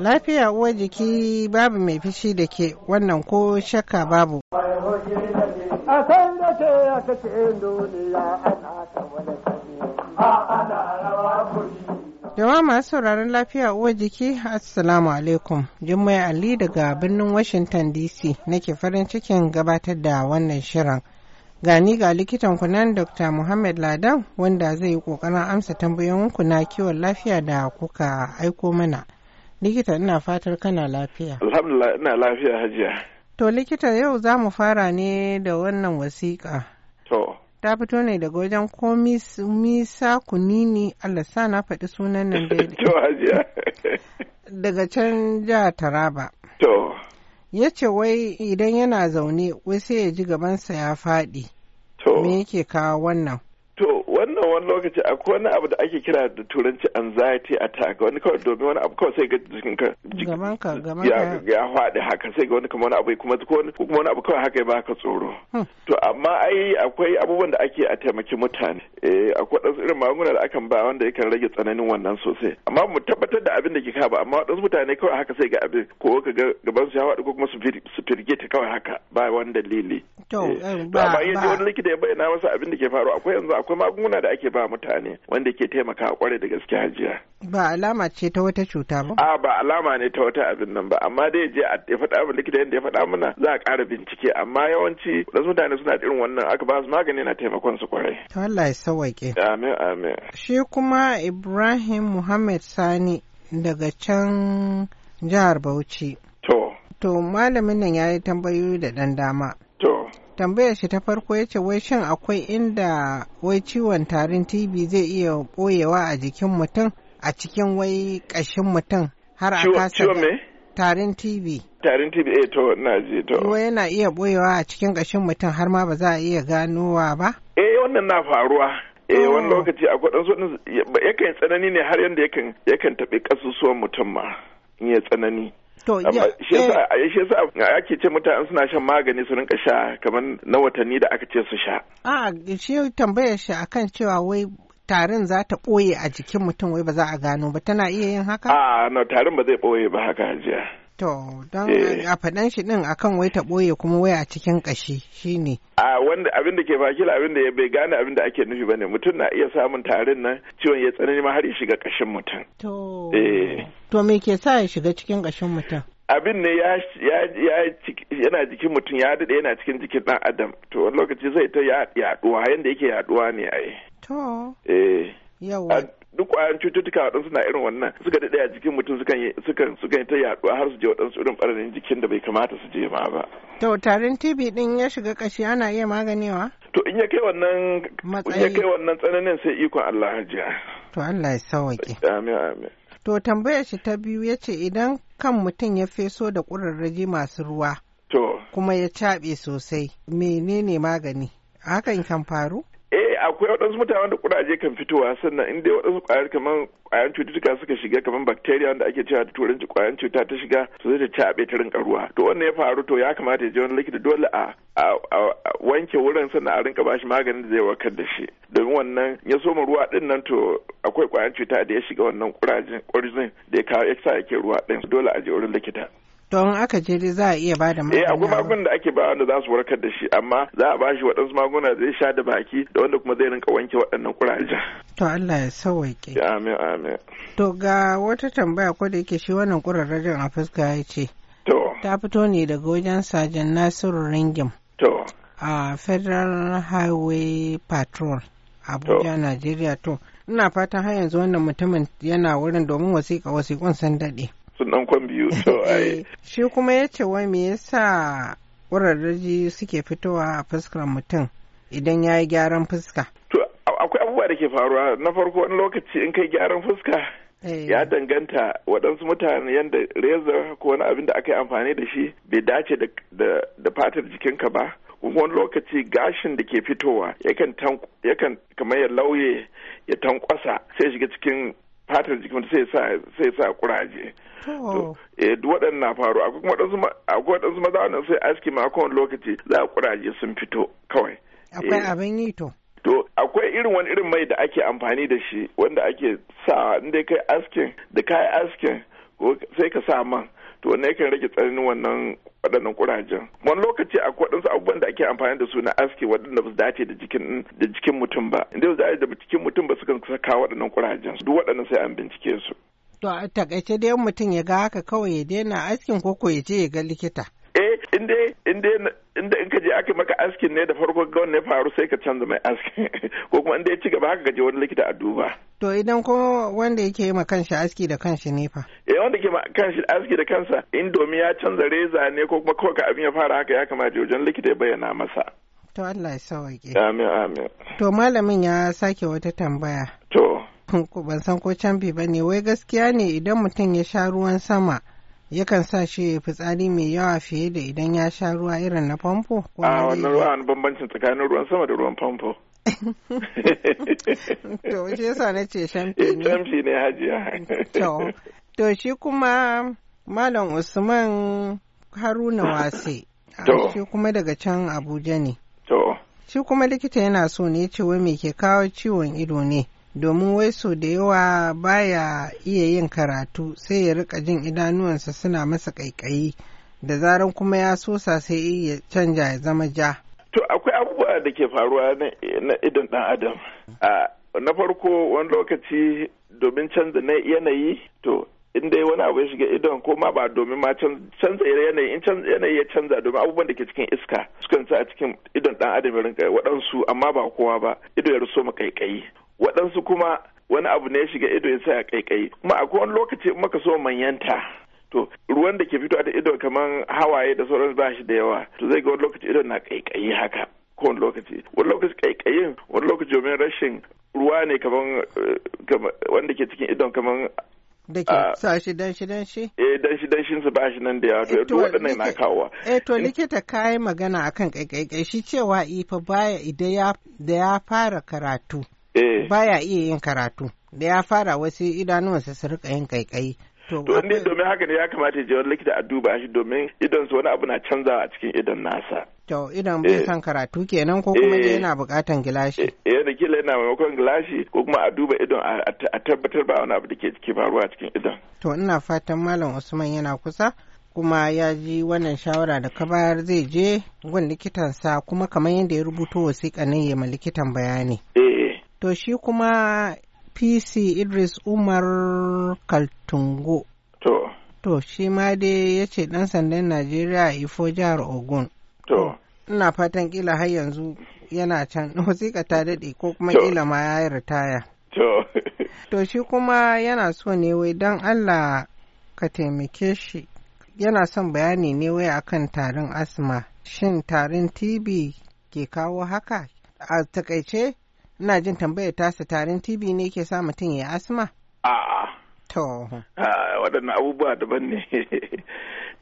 Lafiya uwar jiki babu mai fishi da ke wannan ko shakka babu. A ya ana ta wani a Jama'a masu sauraron lafiya uwa jiki, Assalamu alaikum. Jummai Ali daga birnin Washington DC nake farin cikin gabatar da wannan shirin. gani ga likitan kunan dr muhammad ladan wanda zai yi kokarin amsa tambayoyinku na kiwon lafiya da kuka aiko mana likita ina fatar kana lafiya alhamdulillah ina lafiya hajiya to likita yau za mu fara ne da wannan wasiƙa to ta fito ne daga wajen ko misa kunini allah sa na faɗi sunan nan da. to hajiya daga can jihar taraba to ya ce wai idan yana zaune wai sai ya ji gabansa ya faɗi To. Me yake kawo wannan? To wannan wani lokaci akwai wani abu da ake kira da turanci anxiety attack wani kawai domin wani abu kawai sai ga jikin ka ya faɗi haka sai ga wani kamar wani abu kuma ko kuma wani abu kawai haka ya baka tsoro. Hmm. To amma ai akwai abubuwan da ake a taimaki mutane eh akwai wadansu irin magunguna da akan ba wanda yakan rage tsananin wannan sosai amma mu tabbatar da abin da ke kawo amma wadansu mutane kawai haka sai ga abin ko ka ga gaban su ya faɗi ko kuma su firgita kawai haka ba wani dalili. Eh, eh, ba iya wani likita ya bayyana masa abin da ke faru akwai yanzu akwai magunguna da ake ba mutane wanda ke taimakawa kwarai da gaske hajiya ba alama ce ta wata cuta ba a ba alama ne ta wata abin nan ba amma dai je a ya faɗa min likita yadda ya faɗa mana za a ƙara bincike amma yawanci wasu mutane suna irin wannan aka ba su magani na taimakon su kwarai to Allah ya sauwaƙe amin amin shi kuma Ibrahim Muhammad Sani daga can jihar Bauchi to to malamin nan ya yi tambayoyi da ɗan dama tambayar shi ta farko ya ce wai shin akwai inda wai ciwon tarin tb zai iya ɓoyewa a jikin mutum a cikin wai ƙashin mutum har a kasa tarin tb tarin tb eh to na je to wai yana iya ɓoyewa a cikin ƙashin mutum har ma ba za a iya ganowa ba eh wannan na faruwa eh wani oh. lokaci akwai ɗan yakan tsanani ne har yanda yakan yakan tabe ƙasusuwan mutum ma in ya tsanani ya eh. shi yasa ake ce mutane suna shan magani su rinka sha kamar na watanni da aka ce su sha. A shi tambayar shi a kan cewa wai tarin za ta ɓoye a jikin mutum wai ba za a gano ba tana iya yin haka? A na tarin ba zai ɓoye ba haka hajiya. To, don eh. a faɗan shi ɗin akan wai ta ɓoye kuma wai a cikin ƙashi shi ne. A wanda abin da ke fakila abin da ya bai gane abin da ake nufi ba ne mutum na iya samun tarin nan ciwon ya tsanani ma har ya shiga ƙashin mutum. To, eh. to me ke sa ya shiga cikin ƙashin mutum? abin ne yana jikin mutum ya daɗe yana cikin jikin ɗan adam to wani lokaci zai ta yaɗuwa yadda yake yaɗuwa ne a yi. To. Eh. Yawa. kwayan cututtuka waɗansu na irin wannan suka daɗe a jikin mutum sukan yi sukan sukan ta yaɗuwa har su je waɗansu irin ɓarayin jikin da bai kamata su je ma ba. To tarin TB ɗin ya shiga ƙashi ana iya maganewa? To in ya kai wannan in ya kai wannan tsananin sai ikon Allah hajiya. To Allah ya sawaƙe. Amin amin. To tambayar shi ta biyu ya ce idan kan mutum ya feso da ƙurarraji masu ruwa. To. Kuma ya caɓe sosai menene magani? Hakan kan faru? akwai waɗansu mutane da kuraje kan fitowa sannan inda waɗansu ƙwayar kamar ƙwayar cututtuka suka shiga kamar bacteria wanda ake cewa da turanci ƙwayar cuta ta shiga su zai ta abe ta rinka ruwa to wannan ya faru to ya kamata ya je wani likita dole a wanke wurin sannan a rinka bashi maganin da zai warkar da shi domin wannan ya soma ruwa din nan to akwai ƙwayar cuta da ya shiga wannan kurajen ƙwarzin da ya kawo ya sa yake ruwa ɗin dole a je wurin likita. don aka je da za a iya bada da magani. Eh akwai magungunan da ake ba wanda za su warkar da shi amma za a ba shi waɗansu magunguna zai sha da baki da wanda kuma zai rinka wanke waɗannan kuraje. To Allah ya sauwaƙe. Amin amin. To ga wata tambaya ko da yake shi wannan kurarrajen a fuska ya ce. To. Ta fito ne daga wajen Sajan Nasiru Ringim. To. A Federal Highway Patrol. Abuja, Najeriya to. Ina fatan har yanzu wannan mutumin yana wurin domin wasiƙa wasiƙun sun daɗe. dan biyu to ai eh, shi kuma ya ce wai me yasa ƙurarraji suke fitowa a fuskar mutum idan ya yi gyaran fuska to akwai abubuwa da ke faruwa na farko wani lokaci in kai gyaran fuska eh. ya danganta waɗansu mutane yadda reza ko wani abin da aka yi amfani da shi bai dace da fatar jikinka ba wani lokaci gashin da ke fitowa yakan kamar ya lauye ya tankwasa sai shiga cikin fatar jikin wata sai sa kuraje to eh na faru akwai kuma wadansu maza wannan sai aski ma kowane lokaci za kuraje sun fito kawai akwai eh. abin yi to to akwai irin wani irin mai da ake amfani da shi wanda ake sa inda kai askin da kai askin sai ka sa man to wannan yakan rage tsarin wannan waɗannan kurajen wani lokaci akwai waɗansu abubuwan da ake amfani da su na aski waɗanda ba su dace da jikin da jikin mutum ba inda ba su da jikin mutum ba sukan saka waɗannan kurajen duk waɗannan sai an bincike su to a takaice dai mutum ya ga haka kawai ya daina askin ko ko ya je ya ga likita inda inda in ka je aka maka askin ne da farko ga wani faru sai ka canza mai askin ko kuma inda ya ci gaba haka ka je wani likita a duba to idan ko wanda yake ma kanshi aski da kanshi ne fa eh wanda ke ma kanshi aski da kansa in domin ya canza reza ne ko kuma kawai ka abin ya fara haka ya kamata wajen likita ya bayyana masa to Allah ya sauke amin amin to malamin ya sake wata tambaya to ban san ko canbi ne, wai gaskiya ne idan mutum ya sha ruwan sama yakan sa shi ya fitsari mai yawa fiye da idan ya sha ruwa irin na famfo? A wannan ruwa bambancin tsakanin ruwan sama da ruwan famfo. To, shi yasa na ce shamfi ne. Eh, shamfi ne hajiya. To, to shi kuma Malam Usman Haruna Wase. Ah, to. Shi kuma daga can Abuja ne. To. Shi kuma likita yana so ne ce wai me ke kawo ciwon ido ne. domin wai so da yawa baya iya yin karatu sai ya rika jin idanuwansa suna masa ƙaiƙayi da zaran kuma ya sosa sai ya canja ya zama ja. To akwai abubuwa da ke faruwa na idan ɗan adam. Na farko wani lokaci domin canza na yanayi to in dai wani abu ya shiga idon ko ma ba domin ma canza yanayi in canza yanayi ya canza domin abubuwan da ke cikin iska sukan sa a cikin idon dan adam ya rinka waɗansu amma ba kowa ba ido ya riso ma kaikayi kuma wani abu ne ya shiga ido ya a kaikai kuma akwai wani lokaci in maka so manyanta to ruwan da ke fito da ido kamar hawaye da sauran ba shi da yawa to zai ga wani lokaci ido na kaikayi haka ko wani lokaci wani lokaci kaikayin wani lokaci domin rashin ruwa ne kamar eh, wanda ke cikin idon kamar da ke ah, sa shi danshi danshi? Eh danshi danshin su ba shi nan da yawa to eh, duk waɗannan na kawowa. Eh to eh. likita ka yi magana akan kai shi cewa ifa baya idan da ya fara karatu Eh. baya iya yin karatu da ya fara wasu idanuwansa su rika yin kaikayi To ni domin haka ne ya kamata ya je wani likita a duba shi domin idon su wani abu na canzawa a cikin idon nasa. To idan bai eh. san karatu kenan ko kuma eh. yana buƙatan gilashi. Eh da kila yana maimakon gilashi ko kuma a duba idon a tabbatar ba wani abu da ke faruwa cikin idon. To ina fatan Malam Usman yana kusa kuma ya ji wannan shawara da ka bayar zai je gun likitansa kuma kamar yadda ya rubuto wasiƙa nan ya ma likitan bayani. Eh. to shi kuma pc idris umar kaltungo to to shi ma dai ya ce ɗan sandan najeriya ifo jihar ogun to ina fatan kila har yanzu yana can wasiƙa ta daɗe ko kuma kila ma ya yi ritaya to to shi kuma yana so ne wai don allah ka taimake shi yana son bayani ne wai akan tarin asma shin tarin tb ke kawo haka a takaice Ina jin tambayar tasa tarin TB ne ke sa mutum ya asma? A'a. To. waɗannan abubuwa daban ne.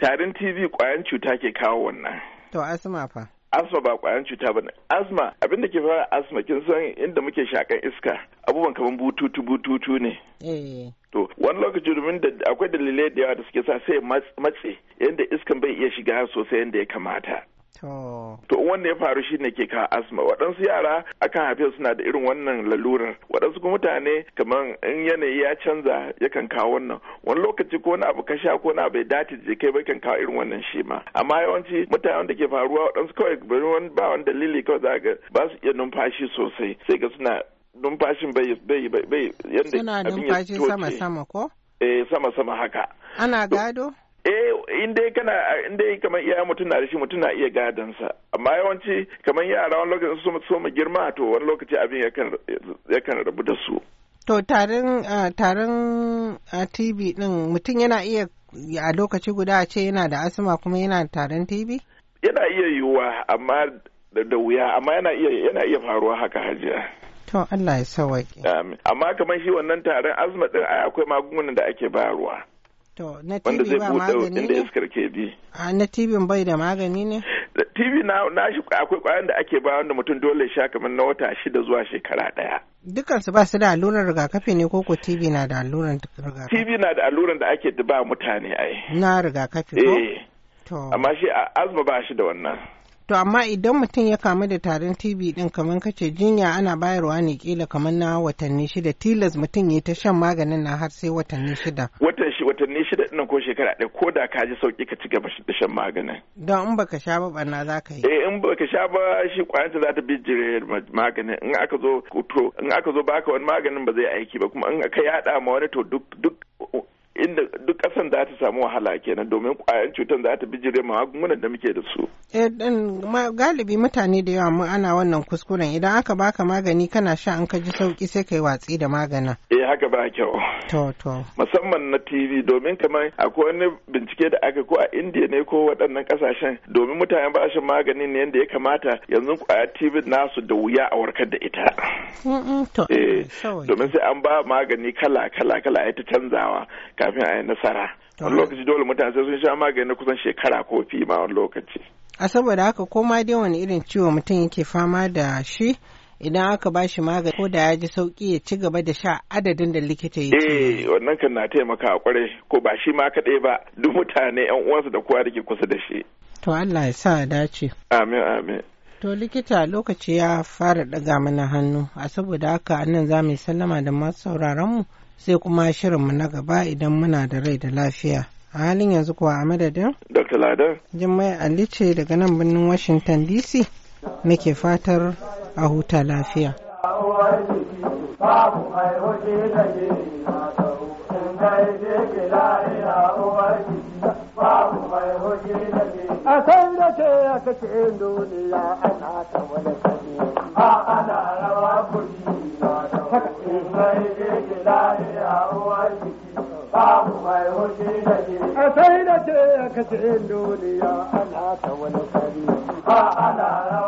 Tarin TB ƙwayan cuta ke kawo wannan. To asma fa. asma ba ƙwayan cuta ba ne asma abin da ke fara asma kin san inda muke shakan iska abubuwan kamar bututu bututu ne eh. to wani lokaci domin da akwai dalilai da yawa da suke sa sai matse yadda iskan bai iya shiga sosai yadda ya kamata To wanda ya faru shi ne ke ka asma waɗansu yara akan haife suna da irin wannan lalurar waɗansu kuma mutane kamar in yanayi ya canza yakan kawo wannan wani lokaci ko na abu ka sha ko na bai dace da kai ba kan kawo irin wannan shi ma amma yawanci mutane da ke faruwa waɗansu kawai ba wani dalili kawai za ga ba su iya numfashi sosai sai ga suna numfashin bai bai bai yanda suna numfashi sama sama ko eh sama sama haka ana gado eh in dai kana in dai kamar iyayen mutum na da shi mutum na iya gadon sa amma yawanci kamar yara wani lokaci su so mu girma to wani lokaci abin yakan rabu da su to tarin tarin TB din mutum yana iya a lokaci guda a ce yana da asma kuma yana tarin TB yana iya yiwuwa amma da wuya amma yana iya yana iya faruwa haka hajiya To Allah ya sawaƙi. Amin. Amma kamar shi wannan tarin azma din akwai magungunan da ake bayarwa. To, na TV ba magani ne? Wanda zai iskar ke bi. A na TV bai da magani ne? TV na na shi akwai kwayan da ake ba wanda mutum dole sha kamar na wata shida zuwa shekara daya. Dukansu ba su da allurar rigakafi ne ko ko TV na da allurar rigakafi? TV na da allurar da ake ba mutane ai. Na rigakafi ko? Eh. Amma shi azma ba shi da wannan. To amma idan mutum ya kamu da tarin TB din kamar kace jinya ana bayarwa ne kila kamar na watanni shida tilas mutum ya ta shan maganin na har sai watanni shida. Watan shi watanni shida ɗin ko shekara ɗaya ko da ka ji sauki ka ci gaba da shan maganin. Don in baka sha ba barna za ka yi. Eh in baka sha ba shi kwayanta za ta bijire maganin in aka zo to in aka zo baka wani maganin ba zai aiki ba kuma in aka yada ma wani to duk duk inda duk ƙasan za ta samu wahala kenan domin kwayan cutar za ta bijire magungunan da muke da su. Eh, galibi mutane da yawa mu ana wannan kuskuren idan aka baka magani kana sha an ka ji sauki sai kai watsi da maganin. Eh haka ba kyau. To to. Musamman na TV domin kamar akwai wani bincike da aka ko a India ne ko waɗannan ƙasashen domin mutane ba shan magani ne yadda ya kamata yanzu kwaya TV nasu da wuya a warkar da ita. Eh domin sai an ba magani kala kala kala ya ta canzawa kafin a yi nasara. Wani lokaci dole mutane sai sun sha magani na kusan shekara ko fi wani lokaci. a saboda haka koma dai wani irin ciwo mutum yake fama da shi idan aka ba shi magani ko da ya ji sauki ya ci gaba da sha adadin da likita ya ce. Eh wannan kan na taimaka kwarai ko ba shi ma kaɗai ba duk mutane yan uwansa da kowa da ke kusa da shi. To Allah ya sa dace. Amin amin. To likita lokaci ya fara ɗaga mana hannu a saboda haka nan za mu sallama da masu sauraron mu sai kuma shirin mu na gaba idan muna da rai da lafiya. a halin yanzu kuwa a madadin dr ladar jimmai ali ce daga nan birnin washington dc nake fatar a huta lafiya a sai da ya kace duniya ana ta wani kare ana rawa kuri na da wani babu mai da ke ce duniya ana ta kari ba